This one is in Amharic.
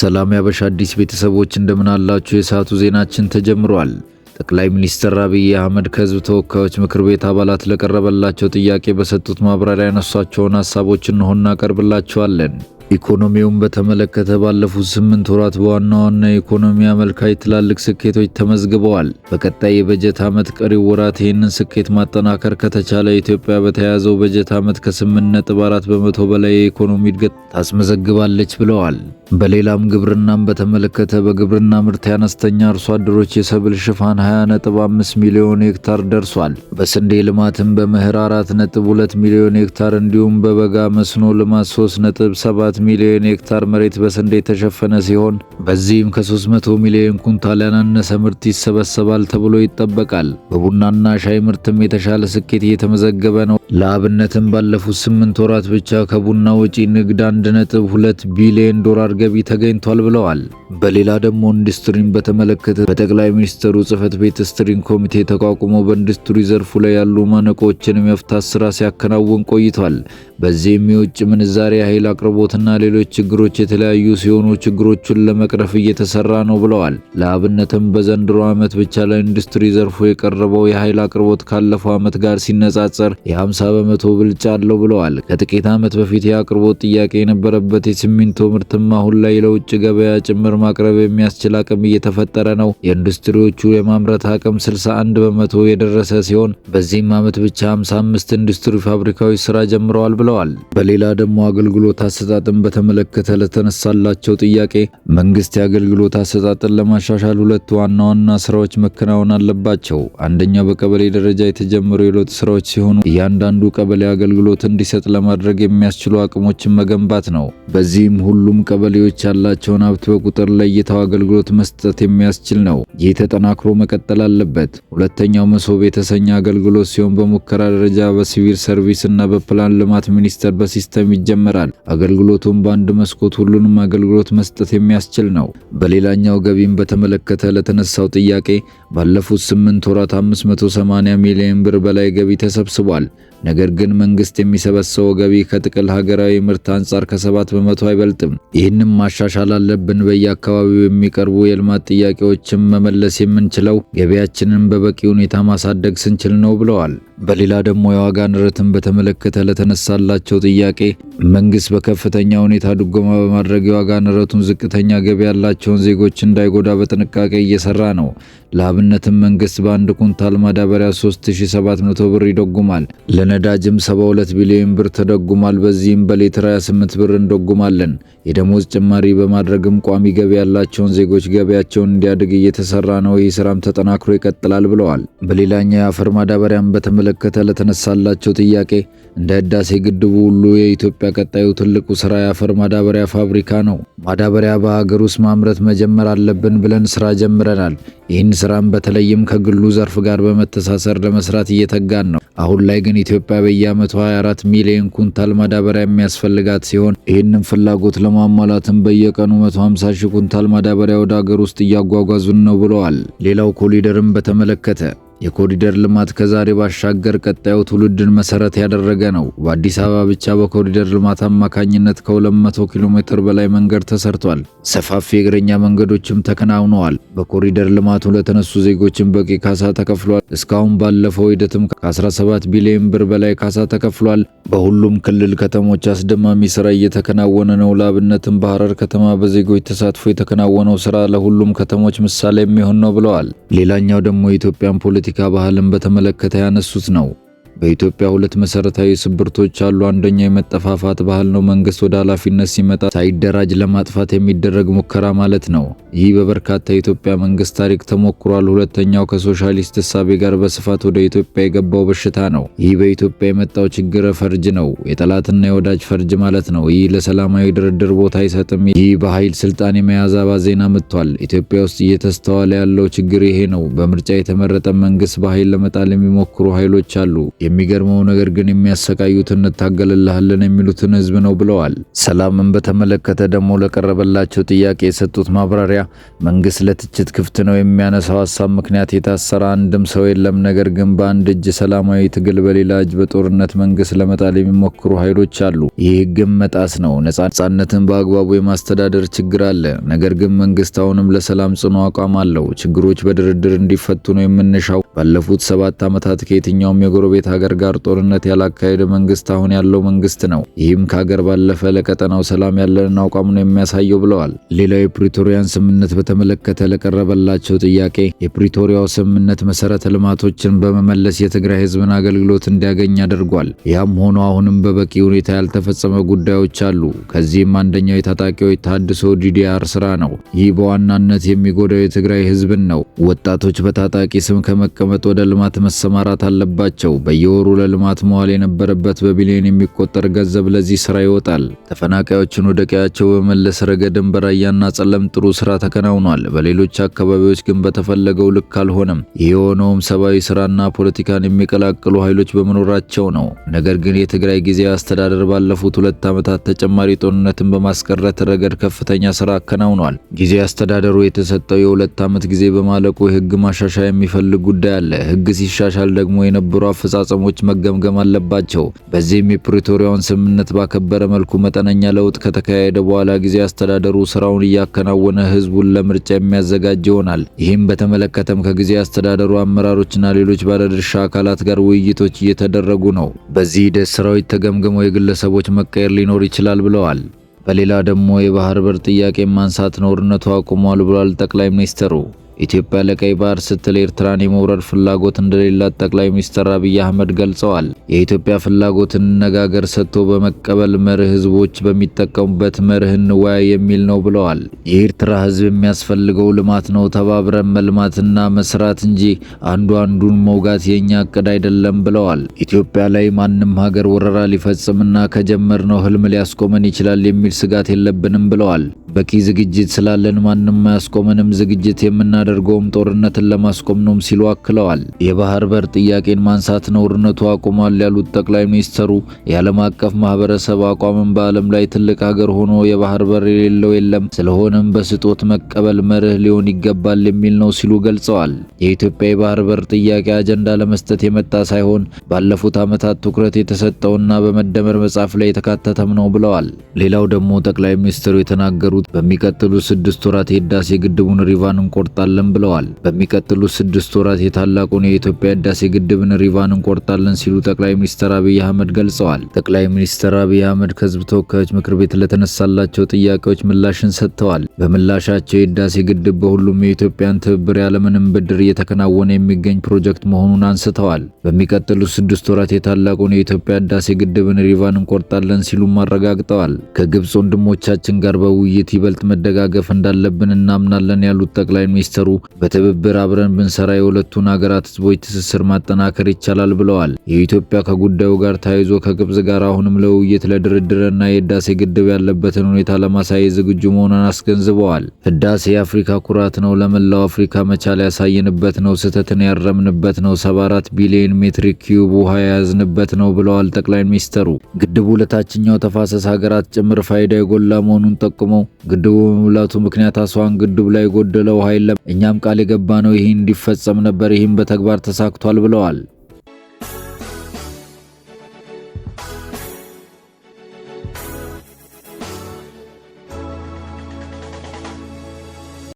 ሰላም ያበሻ አዲስ ቤተሰቦች እንደምን አላችሁ? የሰዓቱ ዜናችን ተጀምሯል። ጠቅላይ ሚኒስትር አብይ አህመድ ከህዝብ ተወካዮች ምክር ቤት አባላት ለቀረበላቸው ጥያቄ በሰጡት ማብራሪያ ያነሷቸውን ሀሳቦች እንሆ እናቀርብላቸዋለን። ኢኮኖሚውን በተመለከተ ባለፉት ስምንት ወራት በዋና ዋና የኢኮኖሚ አመልካች ትላልቅ ስኬቶች ተመዝግበዋል። በቀጣይ የበጀት ዓመት ቀሪው ወራት ይህንን ስኬት ማጠናከር ከተቻለ ኢትዮጵያ በተያያዘው በጀት ዓመት ከ8.4 በመቶ በላይ የኢኮኖሚ እድገት ታስመዘግባለች ብለዋል። በሌላም ግብርናን በተመለከተ በግብርና ምርት የአነስተኛ አርሶ አደሮች የሰብል ሽፋን 20.5 ሚሊዮን ሄክታር ደርሷል። በስንዴ ልማትም በምህር 4.2 ሚሊዮን ሄክታር እንዲሁም በበጋ መስኖ ልማት 3.7 2 ሚሊዮን ሄክታር መሬት በስንዴ የተሸፈነ ሲሆን በዚህም ከ300 ሚሊዮን ኩንታል ያናነሰ ምርት ይሰበሰባል ተብሎ ይጠበቃል። በቡናና ሻይ ምርትም የተሻለ ስኬት እየተመዘገበ ነው። ለአብነትም ባለፉት 8 ወራት ብቻ ከቡና ወጪ ንግድ 1.2 ቢሊዮን ዶላር ገቢ ተገኝቷል ብለዋል። በሌላ ደግሞ ኢንዱስትሪን በተመለከተ በጠቅላይ ሚኒስትሩ ጽህፈት ቤት ስትሪንግ ኮሚቴ ተቋቁሞ በኢንዱስትሪ ዘርፉ ላይ ያሉ ማነቆችን የመፍታት ስራ ሲያከናውን ቆይቷል። በዚህም የውጭ ምንዛሬ ኃይል አቅርቦትና ሌሎች ችግሮች የተለያዩ ሲሆኑ ችግሮቹን ለመቅረፍ እየተሰራ ነው ብለዋል። ለአብነትም በዘንድሮ ዓመት ብቻ ለኢንዱስትሪ ዘርፉ የቀረበው የኃይል አቅርቦት ካለፈው ዓመት ጋር ሲነጻጸር የ50 በመቶ ብልጫ አለው ብለዋል። ከጥቂት ዓመት በፊት የአቅርቦት ጥያቄ የነበረበት የሲሚንቶ ምርትም አሁን ላይ ለውጭ ገበያ ጭምር ማቅረብ የሚያስችል አቅም እየተፈጠረ ነው። የኢንዱስትሪዎቹ የማምረት አቅም 61 በመቶ የደረሰ ሲሆን በዚህም ዓመት ብቻ 55 ኢንዱስትሪ ፋብሪካዎች ስራ ጀምረዋል ብለዋል። በሌላ ደግሞ አገልግሎት አሰጣጥን በተመለከተ ለተነሳላቸው ጥያቄ መንግስት የአገልግሎት አሰጣጥን ለማሻሻል ሁለት ዋና ዋና ስራዎች መከናወን አለባቸው። አንደኛው በቀበሌ ደረጃ የተጀመሩ የለውጥ ስራዎች ሲሆኑ እያንዳንዱ ቀበሌ አገልግሎት እንዲሰጥ ለማድረግ የሚያስችሉ አቅሞችን መገንባት ነው። በዚህም ሁሉም ቀበሌዎች ያላቸውን ሀብት በቁጥር ሀገር ለእይታው አገልግሎት መስጠት የሚያስችል ነው። ይህ ተጠናክሮ መቀጠል አለበት። ሁለተኛው መሶብ የተሰኘ አገልግሎት ሲሆን በሙከራ ደረጃ በሲቪል ሰርቪስ እና በፕላን ልማት ሚኒስቴር በሲስተም ይጀመራል። አገልግሎቱም በአንድ መስኮት ሁሉንም አገልግሎት መስጠት የሚያስችል ነው። በሌላኛው ገቢም በተመለከተ ለተነሳው ጥያቄ ባለፉት 8 ወራት 580 ሚሊዮን ብር በላይ ገቢ ተሰብስቧል። ነገር ግን መንግስት የሚሰበሰበው ገቢ ከጥቅል ሀገራዊ ምርት አንጻር ከሰባት በመቶ አይበልጥም። ይህንም ማሻሻል አለብን። በያ ለአካባቢው የሚቀርቡ የልማት ጥያቄዎችን መመለስ የምንችለው ገቢያችንን በበቂ ሁኔታ ማሳደግ ስንችል ነው ብለዋል። በሌላ ደግሞ የዋጋ ንረትን በተመለከተ ለተነሳላቸው ጥያቄ መንግስት በከፍተኛ ሁኔታ ድጎማ በማድረግ የዋጋ ንረቱን ዝቅተኛ ገቢ ያላቸውን ዜጎች እንዳይጎዳ በጥንቃቄ እየሰራ ነው። ለአብነትም መንግስት በአንድ ኩንታል ማዳበሪያ 3700 ብር ይደጉማል። ለነዳጅም 72 ቢሊዮን ብር ተደጉማል። በዚህም በሌትር 28 ብር እንደጉማለን። የደሞዝ ጭማሪ በማድረግም ቋሚ ገቢ ያላቸውን ዜጎች ገቢያቸውን እንዲያድግ እየተሰራ ነው። ይህ ስራም ተጠናክሮ ይቀጥላል ብለዋል። በሌላኛው የአፈር ማዳበሪያም በተመለ በተመለከተ ለተነሳላቸው ጥያቄ እንደ ህዳሴ ግድቡ ሁሉ የኢትዮጵያ ቀጣዩ ትልቁ ስራ የአፈር ማዳበሪያ ፋብሪካ ነው። ማዳበሪያ በሀገር ውስጥ ማምረት መጀመር አለብን ብለን ስራ ጀምረናል። ይህን ስራም በተለይም ከግሉ ዘርፍ ጋር በመተሳሰር ለመስራት እየተጋን ነው። አሁን ላይ ግን ኢትዮጵያ በየዓመቱ 24 ሚሊዮን ኩንታል ማዳበሪያ የሚያስፈልጋት ሲሆን ይህንን ፍላጎት ለማሟላትም በየቀኑ 150 ሺህ ኩንታል ማዳበሪያ ወደ ሀገር ውስጥ እያጓጓዙን ነው ብለዋል። ሌላው ኮሊደርም በተመለከተ የኮሪደር ልማት ከዛሬ ባሻገር ቀጣዩ ትውልድን መሰረት ያደረገ ነው። በአዲስ አበባ ብቻ በኮሪደር ልማት አማካኝነት ከ200 ኪሎ ሜትር በላይ መንገድ ተሰርቷል። ሰፋፊ የእግረኛ መንገዶችም ተከናውነዋል። በኮሪደር ልማቱ ለተነሱ ዜጎችን በቂ ካሳ ተከፍሏል። እስካሁን ባለፈው ሂደትም ከ17 ቢሊዮን ብር በላይ ካሳ ተከፍሏል። በሁሉም ክልል ከተሞች አስደማሚ ስራ እየተከናወነ ነው። ለአብነትም በሐረር ከተማ በዜጎች ተሳትፎ የተከናወነው ስራ ለሁሉም ከተሞች ምሳሌ የሚሆን ነው ብለዋል። ሌላኛው ደግሞ የኢትዮጵያን ፖለቲ የፖለቲካ ባህልን በተመለከተ ያነሱት ነው። በኢትዮጵያ ሁለት መሰረታዊ ስብርቶች አሉ። አንደኛው የመጠፋፋት ባህል ነው። መንግስት ወደ ኃላፊነት ሲመጣ ሳይደራጅ ለማጥፋት የሚደረግ ሙከራ ማለት ነው። ይህ በበርካታ የኢትዮጵያ መንግስት ታሪክ ተሞክሯል። ሁለተኛው ከሶሻሊስት እሳቤ ጋር በስፋት ወደ ኢትዮጵያ የገባው በሽታ ነው። ይህ በኢትዮጵያ የመጣው ችግር ፈርጅ ነው። የጠላትና የወዳጅ ፈርጅ ማለት ነው። ይህ ለሰላማዊ ድርድር ቦታ አይሰጥም። ይህ በኃይል ስልጣን የመያዝ አባዜና መጥቷል። ኢትዮጵያ ውስጥ እየተስተዋለ ያለው ችግር ይሄ ነው። በምርጫ የተመረጠ መንግስት በኃይል ለመጣል የሚሞክሩ ኃይሎች አሉ። የሚገርመው ነገር ግን የሚያሰቃዩት እንታገልልሃለን የሚሉትን ህዝብ ነው ብለዋል። ሰላምን በተመለከተ ደግሞ ለቀረበላቸው ጥያቄ የሰጡት ማብራሪያ መንግስት ለትችት ክፍት ነው የሚያነሳው ሀሳብ ምክንያት የታሰረ አንድም ሰው የለም። ነገር ግን በአንድ እጅ ሰላማዊ ትግል፣ በሌላ እጅ በጦርነት መንግስት ለመጣል የሚሞክሩ ኃይሎች አሉ። ይህ ህግም መጣስ ነው። ነጻነትን በአግባቡ የማስተዳደር ችግር አለ። ነገር ግን መንግስት አሁንም ለሰላም ጽኑ አቋም አለው። ችግሮች በድርድር እንዲፈቱ ነው የምንሻው። ባለፉት ሰባት ዓመታት ከየትኛውም የጎረቤት ሀገር ጋር ጦርነት ያላካሄደ መንግስት አሁን ያለው መንግስት ነው። ይህም ከሀገር ባለፈ ለቀጠናው ሰላም ያለንን አቋም ነው የሚያሳየው ብለዋል። ሌላው የፕሪቶሪያን ስምምነት በተመለከተ ለቀረበላቸው ጥያቄ የፕሪቶሪያው ስምምነት መሰረተ ልማቶችን በመመለስ የትግራይ ህዝብን አገልግሎት እንዲያገኝ አድርጓል። ያም ሆኖ አሁንም በበቂ ሁኔታ ያልተፈጸመ ጉዳዮች አሉ። ከዚህም አንደኛው የታጣቂዎች ታድሶ ዲዲአር ስራ ነው። ይህ በዋናነት የሚጎዳው የትግራይ ህዝብን ነው። ወጣቶች በታጣቂ ስም ከመቀመጥ ወደ ልማት መሰማራት አለባቸው። በ በየወሩ ለልማት መዋል የነበረበት በቢሊዮን የሚቆጠር ገንዘብ ለዚህ ስራ ይወጣል። ተፈናቃዮችን ወደ ቀያቸው በመለስ ረገድም በራያና ጸለም ጥሩ ስራ ተከናውኗል። በሌሎች አካባቢዎች ግን በተፈለገው ልክ አልሆነም። ይህ የሆነውም ሰብአዊ ስራና ፖለቲካን የሚቀላቅሉ ኃይሎች በመኖራቸው ነው። ነገር ግን የትግራይ ጊዜ አስተዳደር ባለፉት ሁለት ዓመታት ተጨማሪ ጦርነትን በማስቀረት ረገድ ከፍተኛ ስራ አከናውኗል። ጊዜ አስተዳደሩ የተሰጠው የሁለት ዓመት ጊዜ በማለቁ የህግ ማሻሻያ የሚፈልግ ጉዳይ አለ። ህግ ሲሻሻል ደግሞ የነበሩ አፈጻ አፈጻጸሞች መገምገም አለባቸው። በዚህም የፕሪቶሪያውን ስምምነት ባከበረ መልኩ መጠነኛ ለውጥ ከተካሄደ በኋላ ጊዜ አስተዳደሩ ስራውን እያከናወነ ህዝቡን ለምርጫ የሚያዘጋጅ ይሆናል። ይህም በተመለከተም ከጊዜ አስተዳደሩ አመራሮችና ሌሎች ባለድርሻ አካላት ጋር ውይይቶች እየተደረጉ ነው። በዚህ ሂደት ስራዎች ተገምግመው የግለሰቦች መቀየር ሊኖር ይችላል ብለዋል። በሌላ ደግሞ የባህር በር ጥያቄ ማንሳት ነውርነቱ አቁሟል ብሏል ጠቅላይ ሚኒስትሩ። ኢትዮጵያ ለቀይ ባህር ስትል ኤርትራን የመውረር ፍላጎት እንደሌላት ጠቅላይ ሚኒስትር አብይ አህመድ ገልጸዋል። የኢትዮጵያ ፍላጎት እንነጋገር፣ ሰጥቶ በመቀበል መርህ ህዝቦች በሚጠቀሙበት መርህ እንወያይ የሚል ነው ብለዋል። የኤርትራ ህዝብ የሚያስፈልገው ልማት ነው፣ ተባብረን መልማትና መስራት እንጂ አንዱ አንዱን መውጋት የእኛ እቅድ አይደለም ብለዋል። ኢትዮጵያ ላይ ማንም ሀገር ወረራ ሊፈጽምና ከጀመርነው ህልም ሊያስቆመን ይችላል የሚል ስጋት የለብንም ብለዋል። በቂ ዝግጅት ስላለን ማንም አያስቆመንም፣ ዝግጅት የምናደርገውም ጦርነትን ለማስቆም ነው ሲሉ አክለዋል። የባህር በር ጥያቄን ማንሳት ነውርነቱ አቁሟል ያሉት ጠቅላይ ሚኒስትሩ የዓለም አቀፍ ማህበረሰብ አቋምን በዓለም ላይ ትልቅ ሀገር ሆኖ የባህር በር የሌለው የለም፣ ስለሆነም በስጦት መቀበል መርህ ሊሆን ይገባል የሚል ነው ሲሉ ገልጸዋል። የኢትዮጵያ የባህር በር ጥያቄ አጀንዳ ለመስጠት የመጣ ሳይሆን ባለፉት ዓመታት ትኩረት የተሰጠውና በመደመር መጽሐፍ ላይ የተካተተም ነው ብለዋል። ሌላው ደግሞ ጠቅላይ ሚኒስትሩ የተናገሩት በሚቀጥሉት ስድስት ወራት የህዳሴ ግድቡን ሪቫን እንቆርጣለን ብለዋል። በሚቀጥሉት ስድስት ወራት የታላቁን የኢትዮጵያ ህዳሴ ግድብን ሪቫን እንቆርጣለን ሲሉ ጠቅላይ ሚኒስትር አብይ አህመድ ገልጸዋል። ጠቅላይ ሚኒስትር አብይ አህመድ ከህዝብ ተወካዮች ምክር ቤት ለተነሳላቸው ጥያቄዎች ምላሽን ሰጥተዋል። በምላሻቸው የህዳሴ ግድብ በሁሉም የኢትዮጵያን ትብብር ያለምንም ብድር እየተከናወነ የሚገኝ ፕሮጀክት መሆኑን አንስተዋል። በሚቀጥሉት ስድስት ወራት የታላቁን የኢትዮጵያ ህዳሴ ግድብን ሪቫን እንቆርጣለን ሲሉም አረጋግጠዋል። ከግብፅ ወንድሞቻችን ጋር በውይይት ወደፊት ይበልጥ መደጋገፍ እንዳለብን እናምናለን ያሉት ጠቅላይ ሚኒስትሩ በትብብር አብረን ብንሰራ የሁለቱን ሀገራት ህዝቦች ትስስር ማጠናከር ይቻላል ብለዋል። የኢትዮጵያ ከጉዳዩ ጋር ተያይዞ ከግብጽ ጋር አሁንም ለውይይት ለድርድርና የህዳሴ ግድብ ያለበትን ሁኔታ ለማሳየት ዝግጁ መሆኗን አስገንዝበዋል። ህዳሴ የአፍሪካ ኩራት ነው፣ ለመላው አፍሪካ መቻል ያሳየንበት ነው፣ ስህተትን ያረምንበት ነው፣ 74 ቢሊዮን ሜትሪክ ኪዩብ ውሃ የያዝንበት ነው ብለዋል ጠቅላይ ሚኒስትሩ። ግድቡ ለታችኛው ተፋሰስ ሀገራት ጭምር ፋይዳ የጎላ መሆኑን ጠቁመው ግድቡ በመሙላቱ ምክንያት አስዋን ግድብ ላይ የጎደለው ኃይል እኛም ቃል የገባ ነው ይህ እንዲፈጸም ነበር፣ ይህም በተግባር ተሳክቷል ብለዋል።